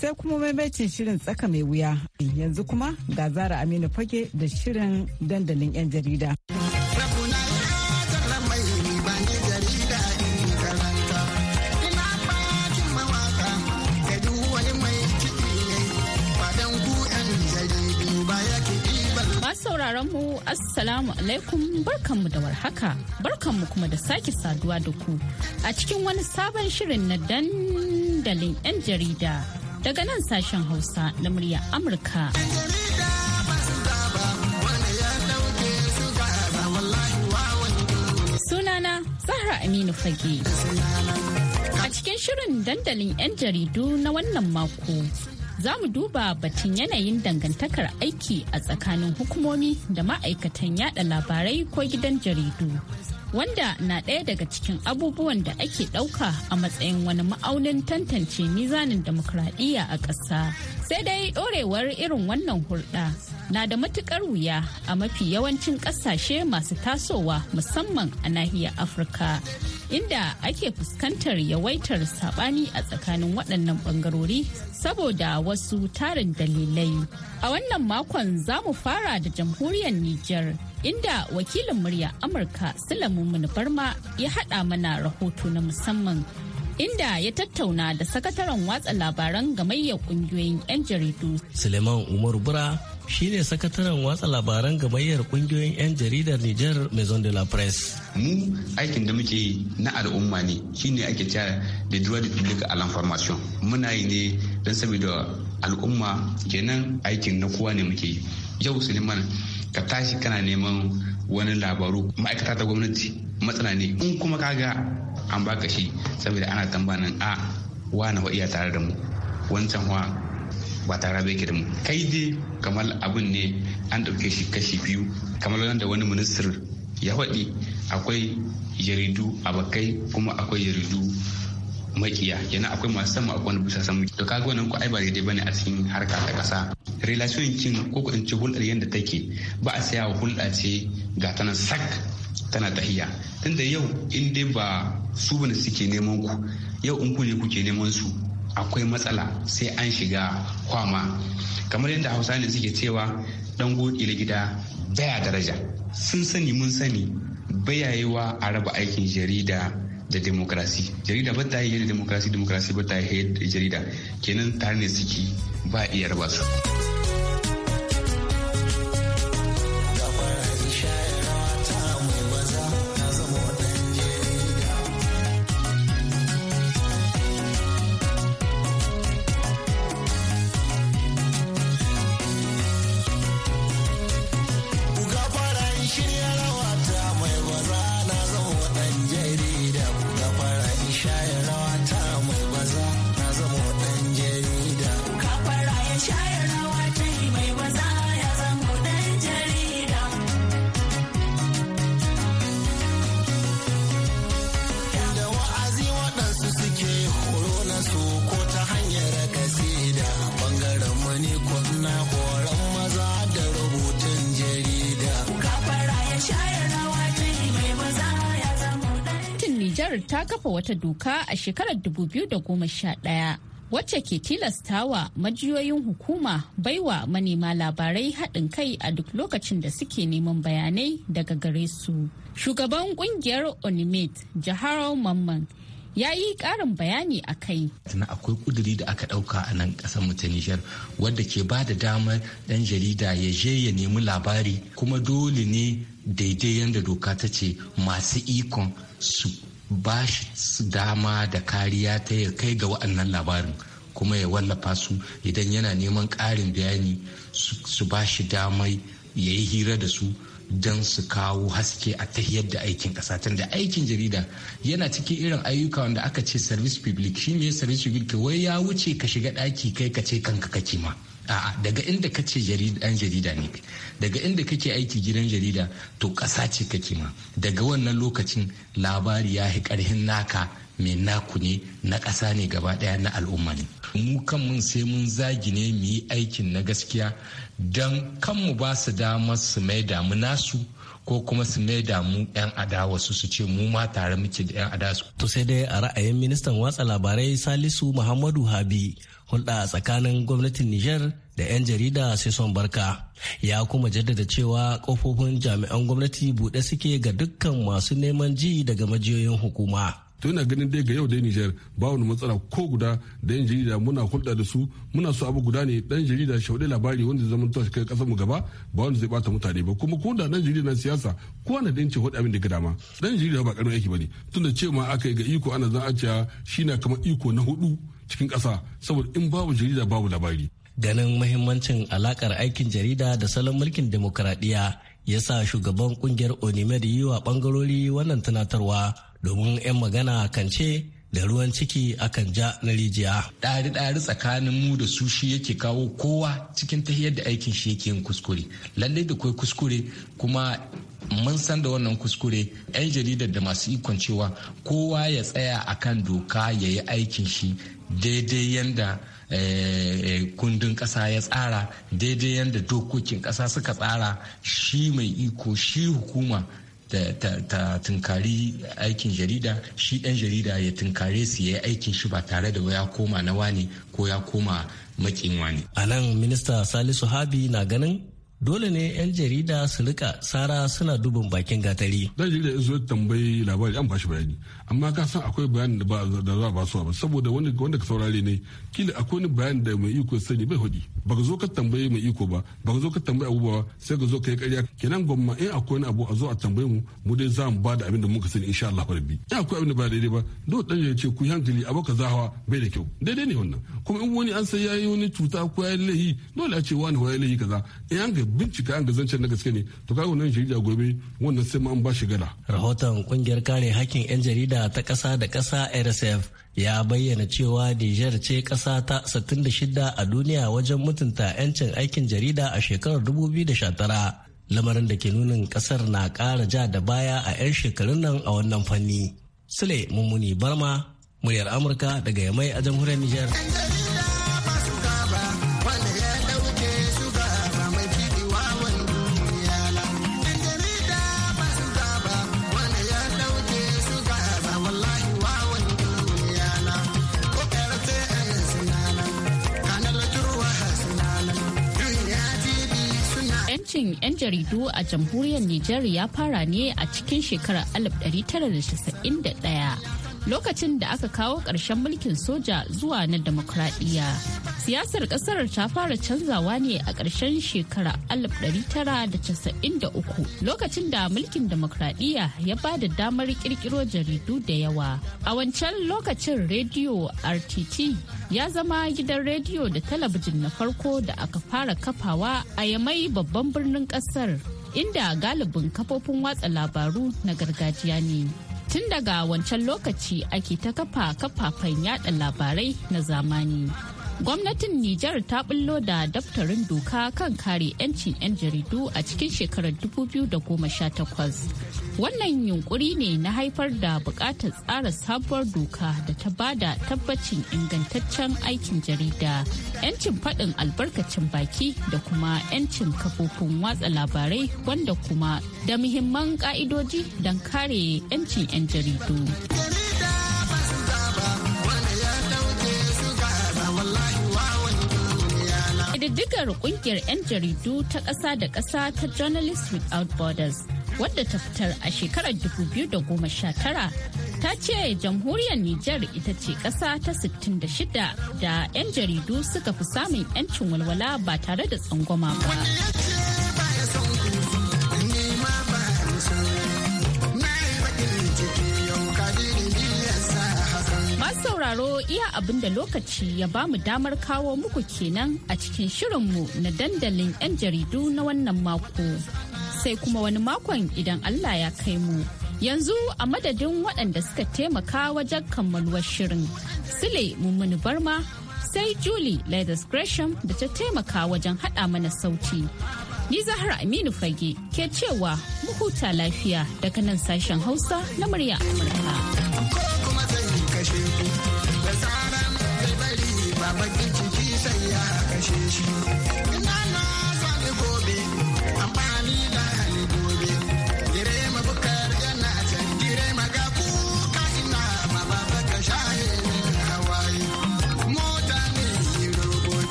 sai kuma maimaitin shirin tsaka mai wuya yanzu kuma ga zara aminu fage da shirin dandalin 'yan jarida mu assalamu alaikum barkanmu da warhaka barkanmu kuma da sake saduwa da ku a cikin wani sabon shirin na dandalin 'yan jarida daga nan sashen Hausa na murya Amurka. Sunana Zahra Aminu Fage. A cikin shirin dandalin 'yan jaridu na wannan mako. za mu duba batun yanayin dangantakar aiki a tsakanin hukumomi da ma'aikatan yada labarai ko gidan jaridu wanda na ɗaya daga cikin abubuwan da ake ɗauka a matsayin wani ma'aunin tantance mizanin demokradiyya a ƙasa. Sai dai ɗorewar irin wannan hulɗa na da matuƙar wuya a mafi yawancin ƙasashe masu tasowa musamman a nahiyar Afirka. Inda ake fuskantar yawaitar saɓani a tsakanin waɗannan ɓangarori saboda wasu tarin dalilai. A wannan makon za mu fara da jamhuriyar Nijar. inda wakilin murya Amurka Sulaimun Barma ya haɗa mana rahoto na musamman inda ya tattauna da sakataren watsa labaran gamayyar kungiyoyin 'yan jaridu. Suleiman Umar Bura shine sakataren watsa labaran gamayyar kungiyoyin 'yan jaridar Nijar Maison de la Presse. Mu aikin da muke yi na al'umma ne shine ake cewa da duwa da public a l'information. Muna yi ne don saboda al'umma kenan aikin na kowa ne muke yi. Yau Suleiman ka tashi kana neman wani labaru ma'aikata ta gwamnati matsala ne in kuma ka ga an baka shi saboda ana tambanin a ah, wani wa iya tare da mu wancan wa ba tare da yake da mu kai dai kamar abin ne an ɗauke shi kashi biyu kamar wanda wani ministir ya faɗi akwai jaridu bakai kuma akwai jaridu makiya kenan akwai masu sama akwai wanda bisa samu to kaga wannan ko ai ba daidai bane a cikin harka ta kasa relation kin ko in ci hulɗar yadda take ba a sayawa hulɗa ce ga tana sak tana tahiya tunda yau in dai ba su bane suke neman ku yau in ku ne kuke neman su akwai matsala sai an shiga kwama kamar yadda hausa ne suke cewa dan gokile gida baya daraja sun sani mun sani bayayewa a raba aikin jarida da demokrasi jarida ba ta yi da demokrasi demokrasi ba ta yi da jarida kenan tare ne suke ba iya raba su. ta kafa wata doka a shekarar 2011 wacce ke tilastawa majiyoyin hukuma baiwa manema labarai haɗin kai a duk lokacin da suke neman bayanai daga gare su. Shugaban kungiyar Onimate, Jaharo Mamman, ya yi ƙarin bayani a kai. Tana akwai kuduri da aka ɗauka a nan ƙasar mu ta Nijar wadda ke ba da damar ɗan jarida ya je ya nemi labari kuma dole ne daidai yadda doka ta ce masu ikon su ba shi dama da kariya ta ya kai ga wa'annan labarin kuma ya wallafa su idan yana neman ƙarin bayani su ba shi damai ya yi hira da su don su kawo haske a ta da aikin ƙasa da aikin jarida yana cikin irin ayyuka wanda aka ce service public shi ne service public wai ya wuce ka shiga ɗaki kai ka ce kanka ka kima. a'a daga inda kace jaridan jarida ne daga inda kake aiki gidan jarida to ƙasa ce kake ma daga wannan lokacin labari ya yi karhin naka mai naku ne na ƙasa ne gaba ɗaya na al'umma ne mu kanmu sai mun zagi ne mu yi aikin na gaskiya don kanmu ba su dama su mai damu nasu ko kuma su mai damu 'yan adawa su su ce mu ma tare muke da 'yan adawa to sai dai a ra'ayin ministan watsa labarai salisu muhammadu habi hulɗa tsakanin gwamnatin Nijar da 'yan jarida sai son barka. Ya kuma jaddada cewa kofofin jami'an gwamnati buɗe suke ga dukkan masu neman ji daga majiyoyin hukuma. to ina ganin dai ga yau dai Nijar ba wani matsala ko guda da yan jarida muna hulɗa da su muna so abu guda ne dan jarida shaude labari wanda zama ta kai kasar mu gaba ba wanda zai bata mutane ba kuma ko da dan jarida na siyasa ko wanda dan ce hulɗa abin da ga dama dan jarida ba karamin aiki bane tunda cewa aka yi ga iko ana zan cewa shine kamar iko na hudu cikin ƙasa saboda in babu jarida babu labari. Ganin mahimmancin alakar aikin jarida da salon mulkin demokuraɗiyya ya sa shugaban ƙungiyar Onimed yi wa ɓangarori wannan tunatarwa domin 'yan magana kan ce da ruwan ciki a kan ja na rijiya. Ɗari-ɗari tsakanin mu da su shi yake kawo kowa cikin tahiyar da aikin shi yake yin kuskure. Lallai da kuskure kuma mun san da wannan kuskure 'yan jaridar da masu ikon cewa kowa ya tsaya a kan doka ya yi aikin shi daidai yadda eh, eh, kundin ƙasa ya tsara daidai yadda dokokin ƙasa suka tsara shi mai iko shi hukuma ta tunkari aikin jarida shi ɗan jarida ya tunkare su ya yi aikin shi ba tare da ya koma na wani ko ya koma makin wani. a nan minista salisu habi na ganin dole ne 'yan jarida su rika tsara suna dubin bakin gatari. Dan jarida in zo tambayi labari an bashi bayani amma ka san akwai bayani da za a ba su ba saboda wanda ka saurare ne kila akwai wani bayani da mai iko sani bai hudi ba ka zo ka tambaye mu iko ba ba ka zo ka tambaye abubuwa sai ka zo ka yi karya kenan gwamma in akwai wani abu a zo a tambaye mu mu dai za mu ba da abin da muka sani insha Allah rabbi in akwai abin da ba daidai ba dole dan ya ce ku hankali abu ka zahawa bai da kyau daidai ne wannan kuma in wani an sai yayi wani cuta ko yayi lahi dole a ce wani yayi lahi kaza in an ga bincika an ga zancen na gaske ne to kaga wannan jarida gobe wannan sai ma an ba shi gala rahoton kungiyar kare hakkin yan jarida ta kasa da kasa RSF ya bayyana cewa Niger ce kasa ta 66 a duniya wajen mutu mutunta 'yancin aikin jarida a shekarar 2019 lamarin da ke nunin kasar na ƙara ja da baya a 'yan shekarun nan a wannan fanni. Sule Mummuni Barma, muryar Amurka daga Yamai a jamhuriyar Nijar. 'yan jaridu a jamhuriyar Nijar ya fara ne a cikin shekarar 1991 lokacin da aka kawo ƙarshen mulkin soja zuwa na demokradiyya. Siyasar ƙasar ta fara canzawa ne a ƙarshen shekara 1993 lokacin da mulkin demokradiyya ya ba da damar ƙirƙiro jaridu da yawa. A wancan lokacin rediyo RTT ya zama gidan rediyo da talabijin na farko da aka fara kafawa a yamai babban birnin ƙasar. inda galibin kafofin watsa labaru na gargajiya ne. tun daga wancan lokaci ake ta kafa kafafen yada labarai na zamani gwamnatin Nijar ta bullo da daftarin doka kan kare 'yancin 'yan jaridu a cikin shekarar 2018 wannan yunkuri ne na haifar da bukatar tsara sabuwar doka da ta bada tabbacin ingantaccen aikin jarida yancin faɗin albarkacin baki da kuma yancin kafofin watsa labarai wanda kuma da muhimman ka'idoji don kare yancin 'yan jaridu. Ƙididdigar ƙungiyar 'yan jaridu ta ƙasa da ƙasa ta Journalists Without Borders wadda ta fitar a shekarar 2019 ta ce jamhuriyar Nijar ita ce kasa ta 66 da 'yan jaridu suka fi samun 'yancin walwala ba tare da tsangwama ba. sauraro iya abin da lokaci ya ba mu damar kawo muku kenan a cikin shirinmu na dandalin 'yan jaridu na wannan mako. sai kuma wani makon idan Allah ya kai mu. Yanzu a madadin waɗanda suka taimaka wajen kammaluwar shirin. sile mummuni barma sai Julie Leathers Gresham da ta taimaka wajen haɗa mana sauti. Ni Zahra Aminu Fage ke cewa mu huta lafiya daga nan sashen Hausa na murya Amurka.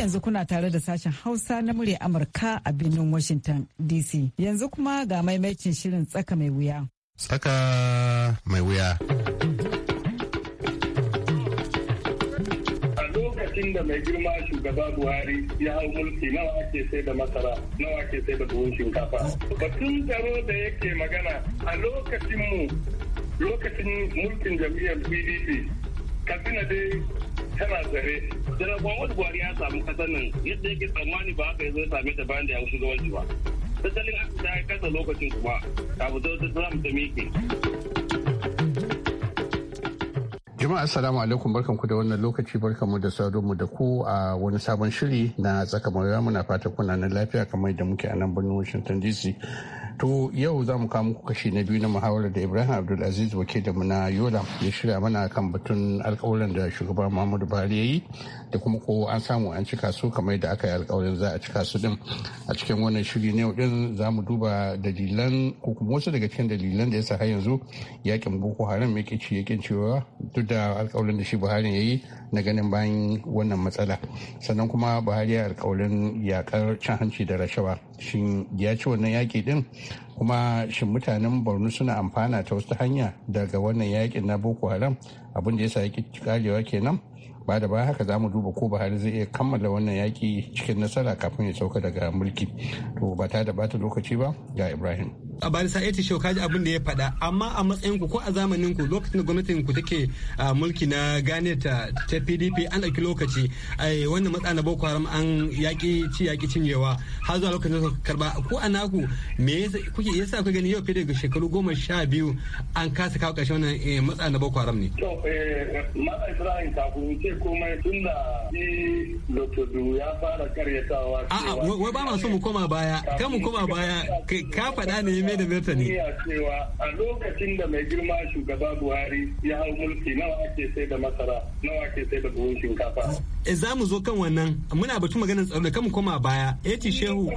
yanzu kuna tare da sashen Hausa na murya Amurka a birnin Washington DC. Yanzu kuma ga maimakin shirin tsaka mai wuya. Tsaka mai wuya. A lokacin da mai girma shugaba Buhari ya hau mulki nawa ake sai da masara, nawa ake sai da buhun shinkafa. Batun tsaro da yake magana a lokacin mu lokacin mulkin jam'iyyar PDP, Katsina dai tana tsare ya samu kasar nan yadda yake tsammani ba haka ya zo ya same ta bayan da ya wuce ga wani ba tattalin arziki ya kasa lokacin kuma kafin ta samu ta miƙe. Jama'a assalamu alaikum barkanku da wannan lokaci mu da mu da ku a wani sabon shiri na tsaka muna fata kuna nan lafiya kamar da muke a nan birnin Washington DC. To yau za mu kama ku kashi na biyu na muhawarar da Ibrahim Abdulaziz wake da muna Yola ya shirya mana kan batun alkawarin da shugaban Muhammadu Buhari ya yi da kuma ko an samu an cika su kamar da aka yi alkawarin za a cika su din. A cikin wannan shiri ne din za mu duba dalilan ko kuma wasu daga cikin dalilan da ya sa har yanzu yakin Boko Haram yake ci yakin cewa duk da alkawarin da shi Buhari ya yi na ganin bayan wannan matsala. Sannan kuma Buhari ya alkawarin yakar cin hanci da rashawa. shin ya ci wannan yaƙi din kuma shin mutanen borno suna amfana ta wasu hanya daga wannan yaƙin na boko haram abin da ya sa yaƙi kalewa kenan ba da baya haka za mu duba ko buhari zai iya kammala wannan yaƙi cikin nasara kafin ya sauka daga mulki to ba ta da bata lokaci ba ga ibrahim a barisa ya ce kaji abin da ya faɗa amma a matsayin ku ko a zamanin ku lokacin da gwamnatin ku take mulki na gane ta ta PDP an ɗauki lokaci wannan matsa na Boko Haram an yaƙi ci yaƙi cinyewa har zuwa lokacin da karba ko a naku me kuke yasa ku gani yau fiye daga shekaru goma sha biyu an kasa kawo ƙarshen wannan eh, matsa na Boko Haram ne. To eh, Mala Ibrahim ta ce komai tun da Lotodu ya fara karyatawa. A'a wai ba ma so mu koma baya kan mu koma baya ka faɗa ne ne da birtani cewa a lokacin da mai girma shugaba buhari ya hau mulki nawa ake sai da masara nawa ake sai da buhun shinkafa e za mu zo kan wannan muna batu maganin tsaro da kan koma baya eh, ya ce eh, shehu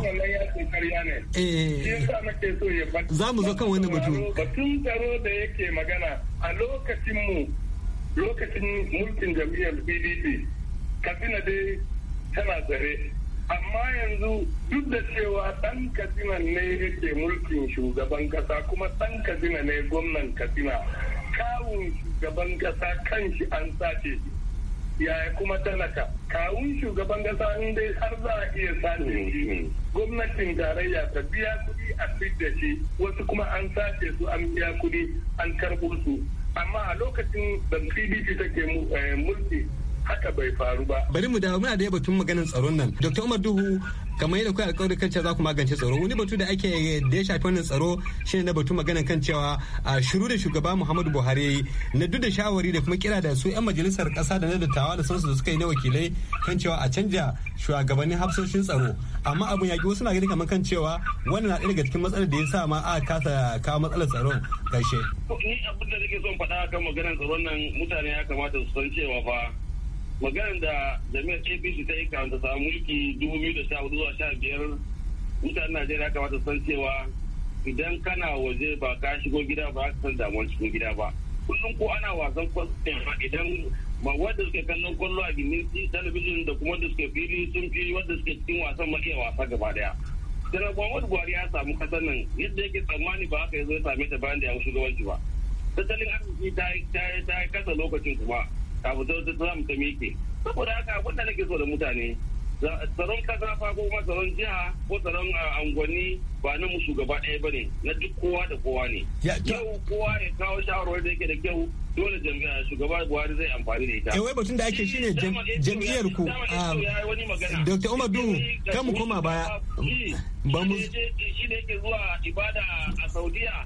za mu zo kan wannan batu batun tsaro da yake magana a lokacin mu lokacin mulkin jam'iyyar pdp katsina dai tana tsare amma yanzu duk da cewa ɗan katsina ne yake mulkin shugaban kasa kuma ɗan katsina ne gwamnan katsina kawun shugaban ƙasa kanshi an sace shi yaya kuma talaka kawun shugaban ƙasa in dai har za a iya sace shi gwamnatin tarayya ta biya kuɗi a da shi wasu kuma an sace su an biya kuɗi an karɓo su amma a lokacin da pdp take eh, mulki haka bai faru ba bari mu dawo muna da batun maganin tsaron nan dr umar duhu kamar yadda kuka alƙawarin kan cewa za ku magance tsaro wani batu da ake da ya shafi wannan tsaro shine na batu magana kan cewa a shiru da shugaba Muhammadu Buhari na duk da shawari da kuma kira da su yan majalisar ƙasa da na dattawa da sansu da suka yi na wakilai kan cewa a canja shugabannin hafsoshin tsaro amma abin yaƙi wasu na gani kamar kan cewa wannan na ɗaya daga cikin matsalar da ya sa ma a kasa kawo matsalar tsaron ƙarshe. Ni abin da nake son faɗa kan maganar tsaron nan mutane ya kamata su san cewa fa maganar da jami'ar apc ta yi kafin ta samu mulki dubu biyu da sha hudu zuwa sha biyar mutanen najeriya kamata san cewa idan kana waje ba ka shigo gida ba ka san damuwar cikin gida ba kullum ko ana wasan ba idan ba wanda suke kallon kwallo a gindin talabijin da kuma wanda suke fili sun fi wanda suke cikin wasan ma iya wasa gaba daya ba wani buhari ya samu kasar nan yadda yake tsammani ba haka ya zo ya same ta bayan da ya shugabanci ba tattalin arziki ta yi kasa lokacin kuma kafin ta wata za ta miƙe saboda haka abin da nake so da mutane tsaron kasa fa ko kuma tsaron jiha ko tsaron angwani ba na mu shugaba ɗaya ba ne na duk kowa da kowa ne yau kowa ya kawo shawarwar da yake da kyau dole shugaba buhari zai amfani da ita eh batun da ake shine jam'iyyar ku dr umar duhu kan mu koma baya ba mu shi ne yake zuwa ibada a saudiya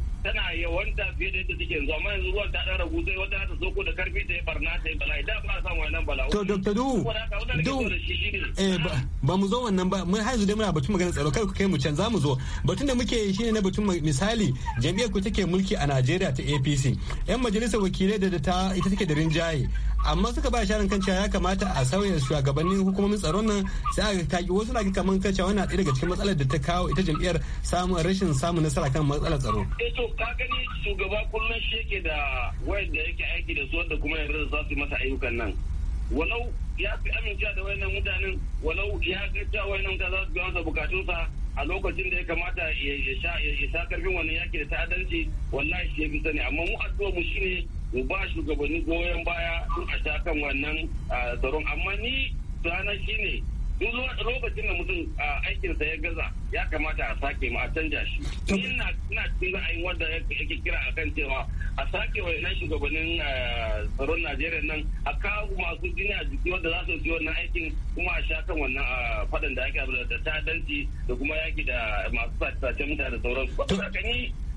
tana yawanta fiye da yadda take yanzu amma yanzu ruwan ta ɗan ragu sai wata ta soko da karfi ta yi barna ta yi bala'i da ba san wannan bala'i to dr du du eh ba mu zo wannan ba mun haizu yanzu dai muna batun magana tsaro kai ku kai mu can za mu zo batun da muke yi shine na batun misali jami'ar ku take mulki a Najeriya ta APC yan majalisar wakilai da ta ita take da rinjaye amma suka ba sharin kan cewa ya kamata a sauya shugabannin hukumomin tsaron nan sai aka kaki wasu na kaman kan cewa wannan daga cikin matsalar da ta kawo ita jam'iyyar samun rashin samun nasara kan matsalar tsaro. eh to ka gani shugaba kullum shi yake da wayanda yake aiki da su wanda kuma yanzu za su masa ayyukan nan walau ya fi amincewa da wayannan mutanen walau ya ga cewa wayannan za su biya masa bukatunsa a lokacin da ya kamata ya sha karfin wannan yaki da ta'addanci wallahi shi ya fi sani amma mu addu'a mu shine mu ba shugabanni goyon baya sun a sha kan wannan tsaron amma ni sana ne duk lokacin da mutum aikinsa ya gaza ya kamata a sake ma a canja shi ina ina cikin ra'ayin wanda yake kira kan cewa a sake wa wannan shugabannin tsaron Najeriya nan a kawo masu jini a jiki wanda za su yi wannan aikin kuma a sha kan wannan fadan da ake da ta'addanci da kuma yaki da masu sace mutane da sauransu.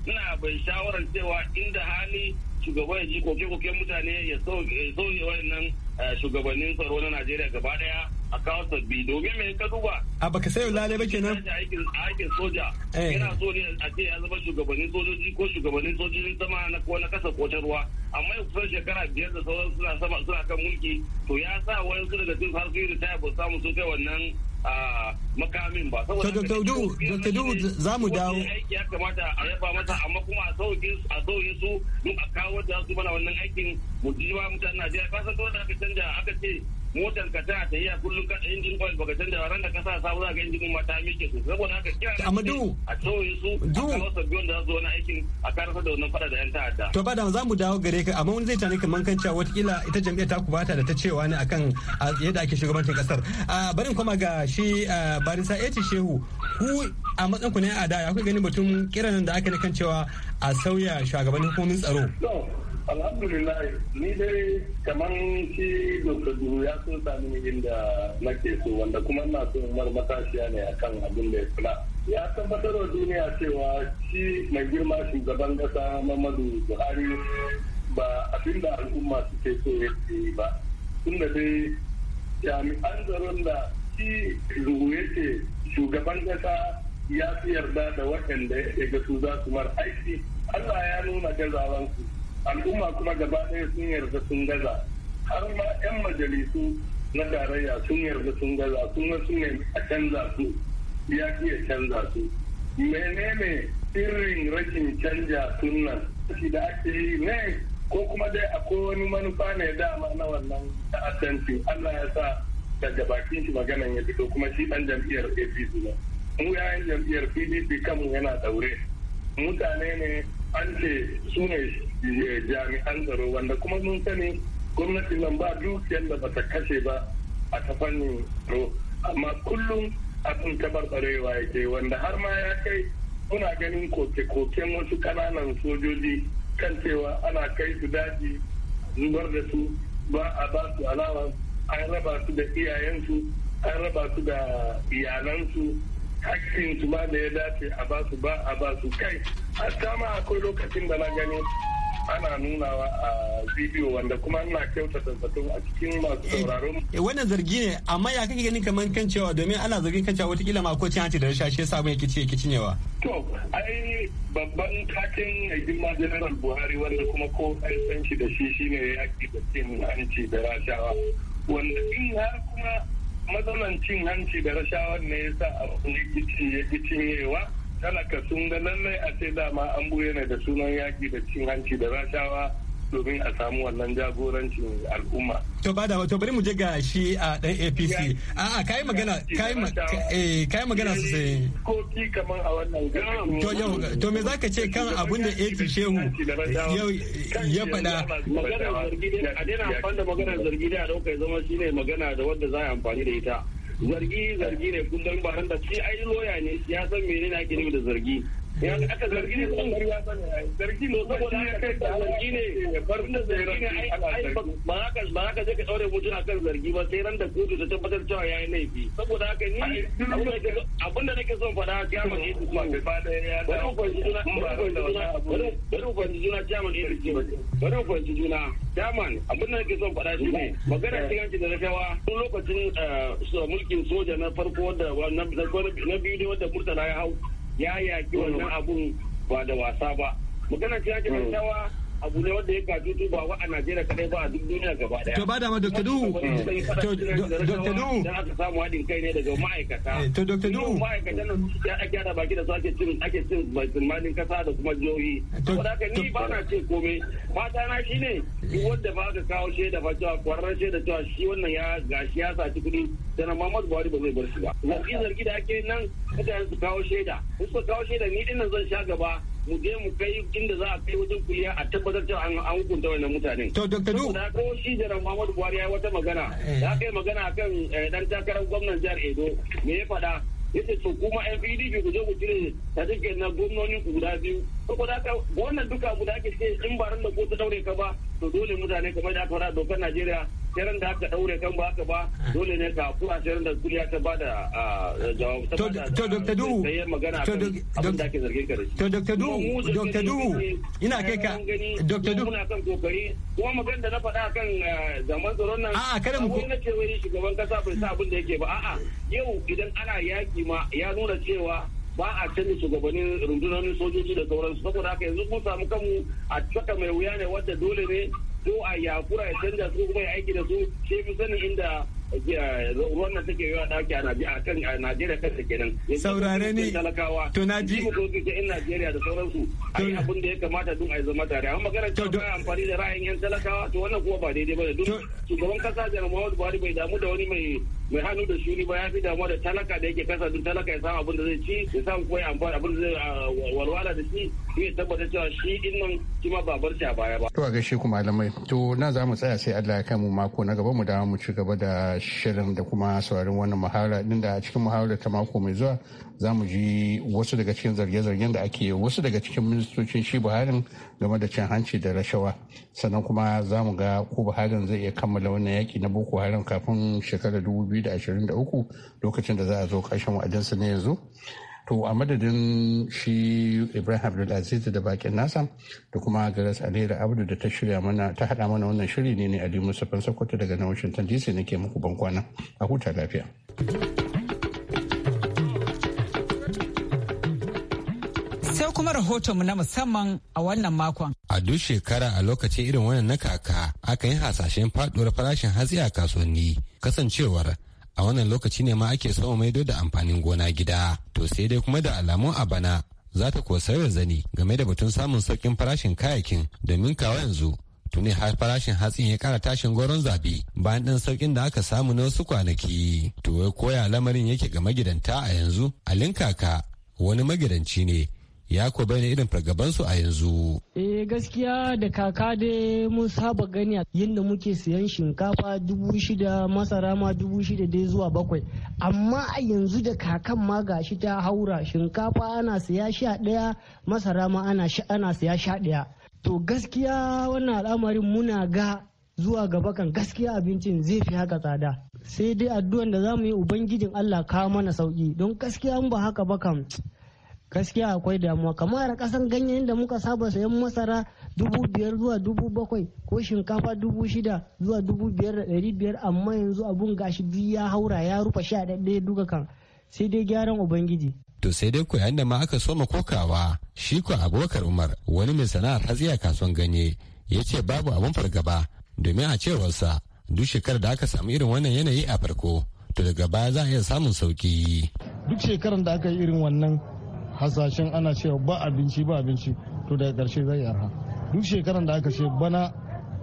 ina bai shawarar cewa inda hali shugaba ya ji koke-koken mutane ya sauye wannan eh, shugabannin tsaro na Najeriya gaba daya a kawo sabbi domin mai ka duba. A baka sayo lalai ba kenan? Aikin soja. Eh. Yana so ne a ce ya zama shugabannin sojoji ko shugabannin sojojin sama na ko na kasa ko ta ruwa. Amma ya kusan shekara biyar da sauran suna kan mulki to ya sa wayansu daga cikin har su yi samu sun kai wannan makamin ba. To ta Duhu, ta Duhu za mu dawo. aiki ya kamata a raba masa amma kuma a sauƙin a sauƙin su mun a kawo da su mana wannan aikin mu ji wa mutanen Najeriya ka san dole aka canja aka ce motar ka tana ta iya kullum ka injin oil baka canza ba ranar kasa sabu za ka injin kuma ta mike su saboda haka kira amma du a tsoye su a kawo sabbin da za su wani aikin a karasa da wannan fada da yan ta'adda to ba da za mu dawo gare ka amma wani zai tani kamar kan cewa watakila ita jam'iyyar ta kubata da ta cewa ne akan yadda ake shugabancin kasar barin kuma ga shi barisa eti shehu ku a matsayin ku ne a da ya ku gani batun kiran da aka ne kan cewa a sauya shugabannin hukumomin tsaro alhamdulillah ni dai kamar shi dokta duru ya so sami inda nake so wanda kuma na so mar matashiya ne akan abin da ya kula ya tabbatar wa duniya cewa shi mai girma shugaban kasa mamadu buhari ba abin da al'umma suke so ya ba tunda dai jami'an tsaron da shi yake shugaban kasa ya fi yarda da waɗanda ya ga su za su mara aiki Allah ya nuna gazawansu al'umma kuma gaba ɗaya sun yarda sun gaza har ma 'yan majalisu na tarayya sun yarda sun gaza kuma sun a canza su ya fiye canza su menene irin rashin canja sunan shi da ake yi ne ko kuma dai akwai wani manufa ne dama na wannan ta'addanci Allah ya sa daga bakin shi maganan ya fito kuma shi dan jam'iyyar APC ne mu yayin jam'iyyar PDP kanmu yana daure mutane ne an ce su ne Eh, jami'an tsaro wanda kuma mun sani gwamnati nan ba dukiyar da bata kashe ba a ta fannin tsaro amma kullum abin tabarbarewa yake wanda har ma ya kai muna ganin koke-koken wasu kananan sojoji kan cewa ana kai su daji zubar da su ba a ba su alawa an raba su da iyayensu an raba su da iyalansu hakkin su ma da ya dace a ba su ba a ba su kai a ma akwai lokacin da na gani ana nunawa a bidiyo wanda kuma ina kyautata zaton a cikin masu eh, sauraron. Eh, wannan zargi ne amma ya kake ganin kamar kan cewa domin ana zargin kan cewa watakila ma ko cin hanci da rashashi yasa abin yake ci cinyewa. to ai babban kakin girma general buhari wanda kuma ko ai san shi da shi shine ya yaki da cin hanci da rashawa wanda in har kuma matsalan cin hanci da rashawa ne yasa abin ya ci cinyewa. talaka sun ga lallai a ce dama an ne da sunan yaƙi da cin hanci da rashawa domin a samu wannan jagorancin al'umma. To ba da to bari mu je ga shi a dan APC. A'a kai magana kai eh, magana eh, sosai. Koki kaman a wannan gari. To yau to me zaka ce kan abun da APC Shehu eh, ya faɗa. Magana zargi ne a daina amfani da magana zargi ne a dauka ya zama shine magana da wanda za a amfani da ita. zargi zargi ne kullum ba da shi ai loya ne ya san menene ake nufi da zargi aka zargi ne kan gari zargi ne saboda haka kai ta zargi ne bar da zargi ne ba haka ba haka zai ka daure mutum akan zargi ba sai ran da kotu ta tabbatar cewa yayi laifi saboda haka ni abinda nake son faɗa ya ma ne kuma ba da ya da bari juna bari ku juna jaman ne ji bari ku juna jaman abinda nake son faɗa shi ne magana cin hanci da rashawa tun lokacin eh, mulkin soja na farko wanda na biyu ne wanda murtala ya hau ya yaki wannan abun ba da wasa ba maganar ta yaƙi dattawa abu ne wanda ya gaji duba wa a Najeriya kadai ba a duk duniya gaba daya. ba da Dr. Duhu. Da aka samu haɗin kai ne daga ma'aikata. Eh, to Dr. Duhu. Ma'aikatan nan ya ake da baki da su ake cin ake cin kasa da kuma jihohi. Eh, haka ni na ce wanda ba ka kawo wannan ya gashi ya kuɗi. Buhari ba zai bar shi ba. zargi da ake nan su kawo shaida. ni zan sha gaba mu je mu kai inda za a kai wajen kuliya a tabbatar cewa an hukunta wannan mutanen. To Dr. Du. Da ko shi Muhammadu Buhari ya yi wata magana. Eh. Ya kai magana akan dan eh, takarar gwamnan jihar Edo me ya faɗa. yace to kuma FDP pdp ku je ku cire certificate na gwamnonin guda biyu saboda haka wannan duka abu da ake ce in ba ran da ko ta daure ka ba to dole mutane kamar da aka faɗa dokar Najeriya shirin da aka daure kan ba haka ba dole ne ka kura shirin da kuriya ta ba da jawabu to Dr. Duhu to Dr. Duhu Dr. Duhu ina kai eh, ka Dr. Duhu muna kan kokari kuma magana da na faɗa kan eh, zaman tsaron nan a'a kada mu na ce wai shugaban kasa bai sa abin da yake ba a'a yau idan ana yaki ma ya nuna cewa ba a canza shugabannin rundunonin sojoji da sauransu saboda haka yanzu mun samu kanmu a saka mai wuya ne wanda dole ne ko a yakura ya canza su kuma ya aiki da su sai fi sanin inda ruwan nan take yawa dauki a Najeriya kan Najeriya saurare ni talakawa to naji mu doki in Najeriya da sauransu ai abin da ya kamata duk ai zama tare amma magana ta ba amfani da ra'ayin yan talakawa to wannan kuma ba daidai bane duk shugaban kasa Janar Muhammadu Buhari bai damu da wani mai mai hannu da shuni ba ya fi damuwa da talaka da yake kasa duk talaka ya samu abin da zai ci ya samu koyi amfani abin da zai ah, walwala da shi ya tabbata shi din nan kuma ba a baya ba. To a gaishe ku malamai. To na za mu tsaya sai Allah ya kai mu mako na gaba mu dawo mu ci gaba da shirin da kuma sauraron wannan muhawara din da a cikin muhawarar ta mako mai zuwa za mu ji wasu daga cikin zarge-zargen da ake wasu daga cikin ministocin shi Buharin game da cin hanci da rashawa. Sannan kuma za mu ga ko Buharin zai iya kammala wannan yaki na Boko Haram kafin shekarar 2023 lokacin da za a zo ƙarshen wa'adinsa ne yanzu. to a madadin shi ibrahim abdulaziz da bakin nasa da kuma garas alheri abdu da ta shirya mana ta hada mana wannan shiri ne ne ali musafan sokoto daga na washington dc nake muku ban kwana a huta lafiya sai kuma rahotonmu na musamman a wannan makon. A duk shekara a lokacin irin wannan na kaka akan yi hasashen faduwar farashin hatsi a kasuwanni kasancewar a wannan lokaci ne ma ake sama maido da amfanin gona gida to sai dai kuma da alamun a bana za ta kuwa sauya zani game da batun samun sauƙin farashin kayakin domin kawo yanzu tuni har farashin hatsin ya kara tashin goron zabi bayan ɗan saukin da aka samu na wasu kwanaki to koya lamarin yake ga magidanta a yanzu alin kaka wani magidanci ne ya ko bayyana irin fargabansu a yanzu. Eh gaskiya da kaka dai mun saba gani yadda muke siyan shinkafa dubu shida masara ma dubu shida dai zuwa bakwai. Amma a yanzu da kakan ma gashi ta haura shinkafa ana siya sha ɗaya masara ma ana siya sha ɗaya. To gaskiya wannan al'amarin muna ga zuwa gaba kan gaskiya abincin zai fi haka tsada sai dai addu'an da za mu yi ubangijin Allah kawo mana sauki don gaskiya ba haka ba kan gaskiya akwai damuwa kamar kasan ganyen da muka saba sayan masara dubu biyar zuwa dubu bakwai ko shinkafa dubu shida zuwa dubu biyar da ɗari biyar amma yanzu abun gashi biyu ya haura ya rufe sha ɗaɗɗe duka kan sai dai gyaran ubangiji to sai dai ko da ma aka soma kokawa shi ko abubakar umar wani mai sana'ar hatsi a kasuwan ganye ya ce babu abun fargaba domin a cewarsa duk shekarar da aka samu irin wannan yanayi a farko to daga baya za a iya samun sauki duk shekarar da aka yi irin wannan hasashen ana cewa ba abinci ba abinci to daga karshe zai arha duk shekaran da aka ce bana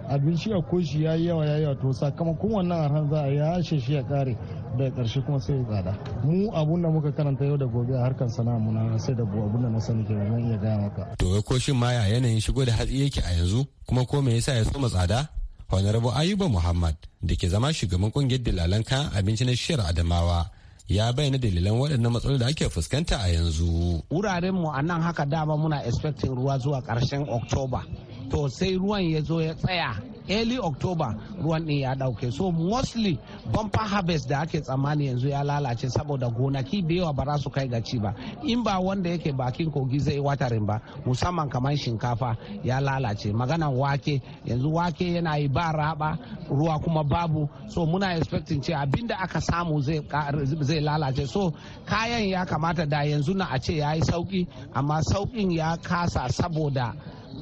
abinci a koshi ya yi yawa ya yawa to sakamakon wannan arhan za a yashe shi ya kare daga karshe kuma sai ya tsada mu abun da muka karanta yau da gobe a harkar sana'a mu na sai da abun da na sani ke zan iya gaya maka to koshin ma ya yanayin shigo da hatsi yake a yanzu kuma ko me yasa ya soma tsada honorable ayuba muhammad da ke zama shugaban kungiyar dalalan kayan abinci na shiyar adamawa ya bayyana dalilan waɗannan matsalolin da ake fuskanta a yanzu. Wuraren mu a nan haka dama muna expecting ruwa zuwa ƙarshen Oktoba. To sai ruwan ya zo ya tsaya early october ruwan din ya ɗauke so mostly bumper harvest da ake tsammani yanzu ya lalace saboda gonaki da yawa ba za su kai gaci ba in ba wanda yake bakin kogi zai watarin ba musamman kamar shinkafa ya lalace maganan wake yanzu wake yana yi ba raba ruwa kuma babu so muna expecting ce abinda aka samu zai lalace so kayan ya kamata da yanzu na a ce ya yi sauki amma saukin ya kasa saboda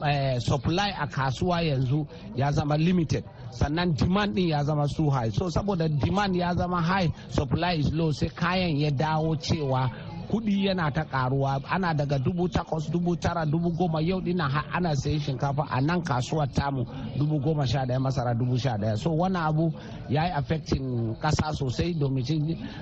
Eh, supply a kasuwa yanzu ya zama limited sannan demand din ya zama su high so saboda demand ya zama high supply is low sai kayan ya dawo cewa kuɗi yana ta karuwa ana daga dubu takwas dubu tara dubu goma yau dina ana sayi shinkafa a nan kasuwar tamu dubu goma sha daya masara dubu sha daya so wani abu ya yi affecting kasa sosai domin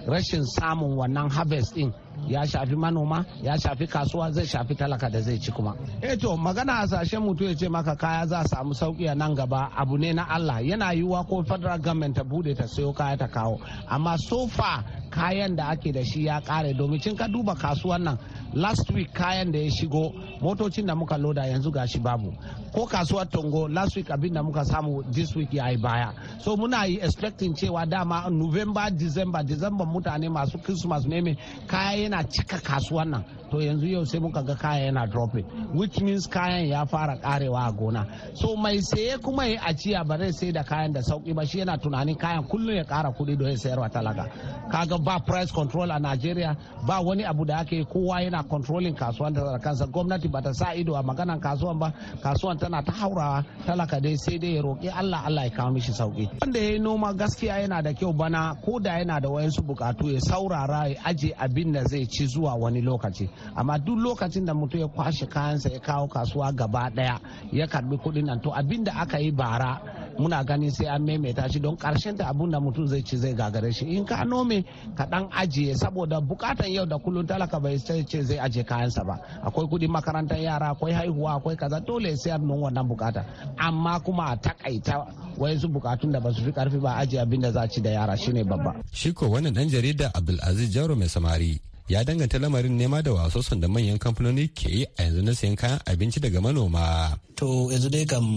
rashin samun wannan harvest din ya shafi manoma ya shafi kasuwa zai shafi talaka da zai ci kuma eh to magana hasashen mutu ya ce maka kaya za samu sauki a nan gaba abu ne na Allah yana yiwuwa ko federal government ta bude ta sayo kaya ta kawo amma so far kayan da ake da shi ya kare domin cin ka duba kasuwan nan last week kayan da ya shigo motocin da muka loda yanzu ga shi babu ko kasuwar tongo last week abin da muka samu this week ya yi baya so muna yi expecting cewa dama november december december mutane masu christmas ne mai kaya yana cika kasuwan nan to yanzu yau sai muka ga kayan yana dropping which means kayan ya fara karewa a gona so mai saye kuma ya ajiya ba zai sai da kayan da sauki ba shi yana tunanin kayan kullum ya kara kuɗi don ya sayarwa talaka kaga ba price control a nigeria ba wani abu da ake kowa yana controlling kasuwan da kansa gwamnati bata sa ido a maganan kasuwan ba kasuwan tana ta haurawa talaka dai sai dai ya roki Allah Allah ya kawo mishi sauki wanda ya yi noma gaskiya yana da kyau bana ko da yana da wayansu bukatu ya saurara ya aje abin da zai ci zuwa wani lokaci amma duk lokacin da mutum ya kwashe kayansa ya kawo kasuwa gaba daya ya karbi kuɗin nan to abin da aka yi bara muna ganin sai an maimaita shi don karshen ta abin da mutum zai ci zai gagare shi in ka nome ka dan ajiye saboda bukatan yau da kullum talaka bai sai ce zai ajiye kayansa ba akwai kuɗi makarantar yara akwai haihuwa akwai kaza dole sai an wannan bukata amma kuma a takaita wayansu bukatun da ba su fi karfi ba ajiye abin da za ci da yara shine babba shi ko wannan dan jarida aziz Jauro mai samari ya danganta lamarin nema da wasosan da manyan kamfanoni ke yi a yanzu na sayan kayan abinci daga manoma. To yanzu dai kam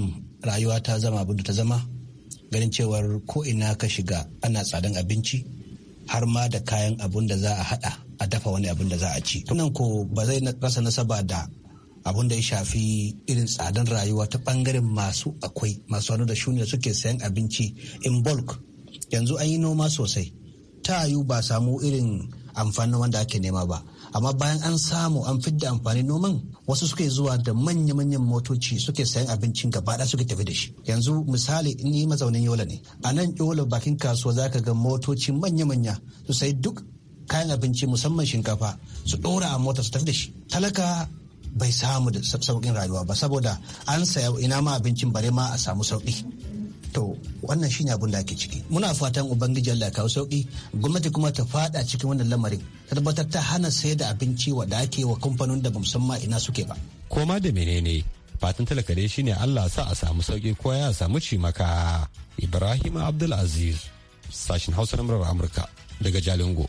rayuwa ta zama abin da ta zama ganin cewar ko ina ka shiga ana tsadan abinci har ma da kayan abin da za a hada a dafa wani abin da za a ci. Nan ko ba zai rasa nasaba da abin da ya shafi irin tsadan rayuwa ta bangaren masu akwai masu hannu da shuni da suke sayan abinci in bulk yanzu an yi noma sosai ta yiwu ba samu irin amfanin wanda ake nema ba amma bayan an samu an fidda amfanin noman wasu suke zuwa da manya-manyan motoci suke sayan abincin gaba da suke tafi da shi yanzu misali in ni mazaunin yola ne a nan yola bakin kasuwa za ka ga motoci manya-manya su sayi duk kayan abinci musamman shinkafa su ɗora a mota su tafi da shi talaka bai samu da sauƙin rayuwa ba saboda an saya ina ma abincin bare ma a samu sauƙi to wannan shine abin da ake ciki muna fatan ubangiji Allah ya kawo sauki gwamnati kuma ta fada cikin wannan lamarin ta tabbatar ta hana sayar da abinci wa da ake wa kamfanin da bamu san ma ina suke ba koma da menene fatan talaka dai shine Allah sa a samu sauki ko ya samu cimaka Ibrahim Abdulaziz Aziz sashin Hausa na Amurka daga Jalingo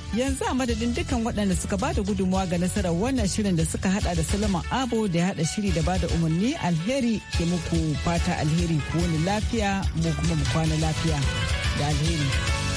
yanzu a madadin dukkan waɗanda suka ba da gudunmawa ga nasarar wannan shirin da suka hada da salaman abo da ya hada shiri da ba da umarni alheri ke muku fata alheri ko wani lafiya mu kuma mu kwana lafiya da alheri.